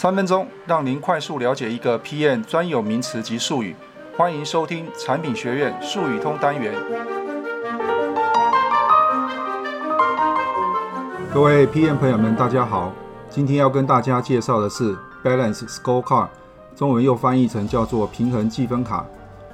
三分鐘讓您快速了解一個 PM 專有名詞及術語，歡迎收聽產品學院術語通單元。各位 PM 朋友們，大家好，今天要跟大家介紹的是 Balance Scorecard，中文又翻譯成叫做平衡計分卡。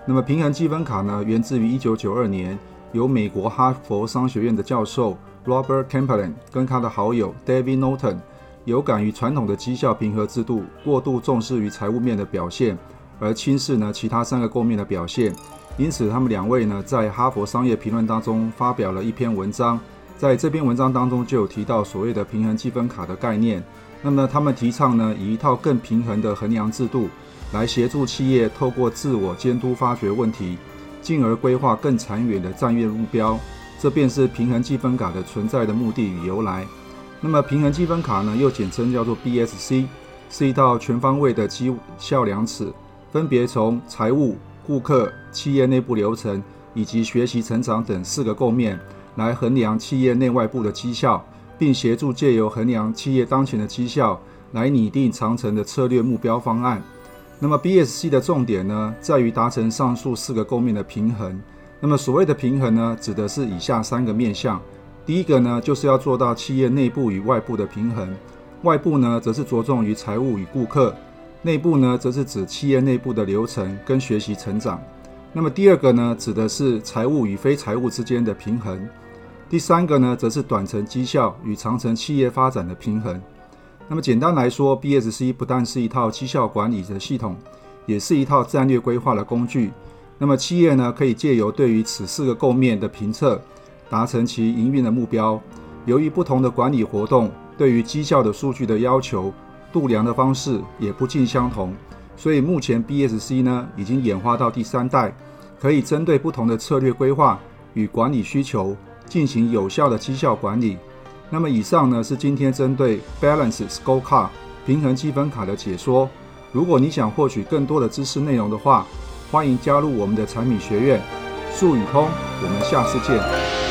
那麼平衡計分卡呢，源自於一九九二年，由美國哈佛商學院的教授 Robert Kaplan 跟他的好友 David Norton。有感於傳統的績效評核制度過度重視於財務面的表現，而輕視呢其他三個構面的表現，因此他們兩位呢在哈佛商業評論當中發表了一篇文章，在這篇文章當中就有提到所謂的平衡計分卡的概念。那麼他們提倡呢以一套更平衡的衡量制度，來協助企業透過自我監督發掘問題，進而規劃更長遠的戰略目標。這便是平衡計分卡的存在的目的與由來。那麼平衡計分卡呢，又簡稱叫做 BSC，是一套全方位的績效量尺，分別從財務、顧客、企業內部流程以及學習成長等四個構面來衡量企業內外部的績效，並協助借由衡量企業當前的績效，來擬定長程的策略目標方案。那麼 BSC 的重點呢，在於達成上述四個構面的平衡。那麼所謂的平衡呢，指的是以下三個面向。第一個呢，就是要做到企業內部與外部的平衡。外部呢，則是着重於財務與顧客；內部呢，則是指企業內部的流程跟學習成長。那麼第二個呢，指的是財務與非財務之間的平衡。第三個呢，則是短程績效與長程企業發展的平衡。那麼簡單來說，BSC 不但是一套績效管理的系統，也是一套戰略規劃的工具。那麼企業呢，可以借由對於此四個構面的評測，達成其營運的目標。由於不同的管理活動對於績效的數據的要求、度量的方式也不盡相同，所以目前 BSC 呢已經演化到第三代，可以針對不同的策略規劃與管理需求進行有效的績效管理。那麼以上呢是今天針對 Balanced Scorecard 平衡計分卡的解說。如果你想獲取更多的知識內容的話，歡迎加入我們的產品學院術語通。我們下次見。